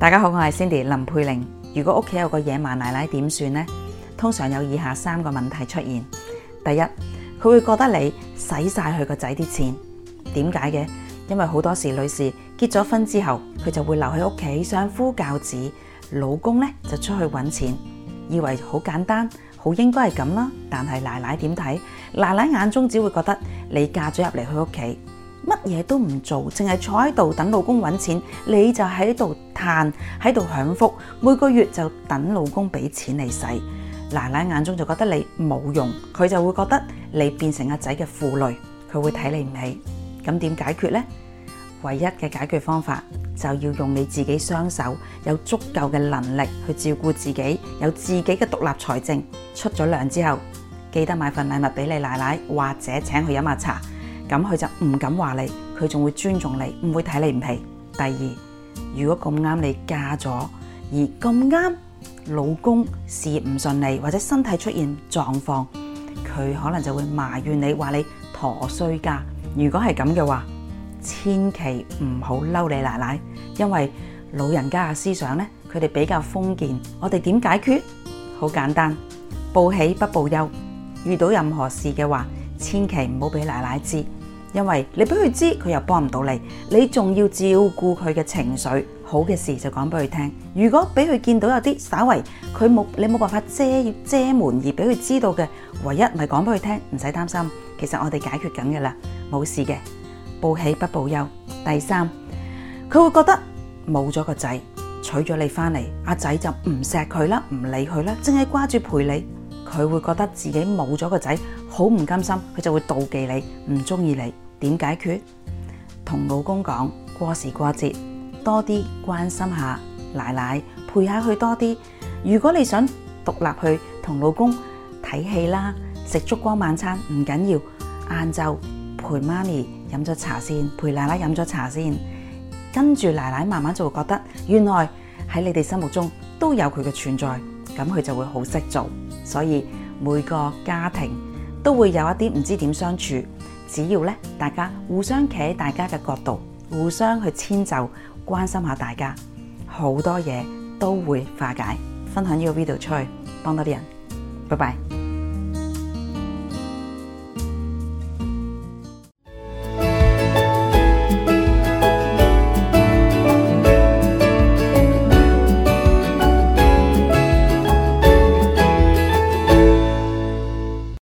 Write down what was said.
大家好，我係 Cindy 林佩玲。如果屋企有個野蠻奶奶，點算呢？通常有以下三個問題出現。第一，佢會覺得你使晒佢個仔啲錢。點解嘅？因為好多時女士結咗婚之後，佢就會留喺屋企相夫教子，老公呢就出去揾錢，以為好簡單，好應該係咁啦。但係奶奶點睇？奶奶眼中只會覺得你嫁咗入嚟佢屋企。乜嘢都唔做，淨係坐喺度等老公搵錢，你就喺度嘆，喺度享福，每個月就等老公俾錢你使，奶奶眼中就覺得你冇用，佢就會覺得你變成阿仔嘅負累，佢會睇你唔起。咁點解決呢？唯一嘅解決方法就要用你自己雙手，有足夠嘅能力去照顧自己，有自己嘅獨立財政，出咗糧之後，記得買份禮物俾你奶奶，或者請佢飲下茶。咁佢就唔敢話你，佢仲會尊重你，唔會睇你唔起。第二，如果咁啱你嫁咗，而咁啱老公事業唔順利或者身體出現狀況，佢可能就會埋怨你，話你陀衰家。如果係咁嘅話，千祈唔好嬲你奶奶，因為老人家嘅思想呢，佢哋比較封建。我哋點解決？好簡單，報喜不報憂。遇到任何事嘅話，千祈唔好俾奶奶知。因為你俾佢知，佢又幫唔到你，你仲要照顧佢嘅情緒。好嘅事就講俾佢聽。如果俾佢見到有啲稍為佢冇，你冇辦法遮掩門而俾佢知道嘅，唯一咪講俾佢聽，唔使擔心。其實我哋解決緊嘅啦，冇事嘅，報喜不報憂。第三，佢會覺得冇咗個仔，娶咗你返嚟，阿仔就唔錫佢啦，唔理佢啦，淨係掛住陪你。佢會覺得自己冇咗個仔，好唔甘心，佢就會妒忌你，唔中意你。點解決？同老公講，過時過節多啲關心下奶奶，陪下佢多啲。如果你想獨立去同老公睇戲啦，食燭光晚餐唔緊要，晏晝陪媽咪飲咗茶先，陪奶奶飲咗茶先，跟住奶奶慢慢就會覺得，原來喺你哋心目中都有佢嘅存在。咁佢就會好識做，所以每個家庭都會有一啲唔知點相處，只要咧大家互相企喺大家嘅角度，互相去遷就，關心下大家，好多嘢都會化解。分享呢個 video 出去，幫多啲人。拜拜。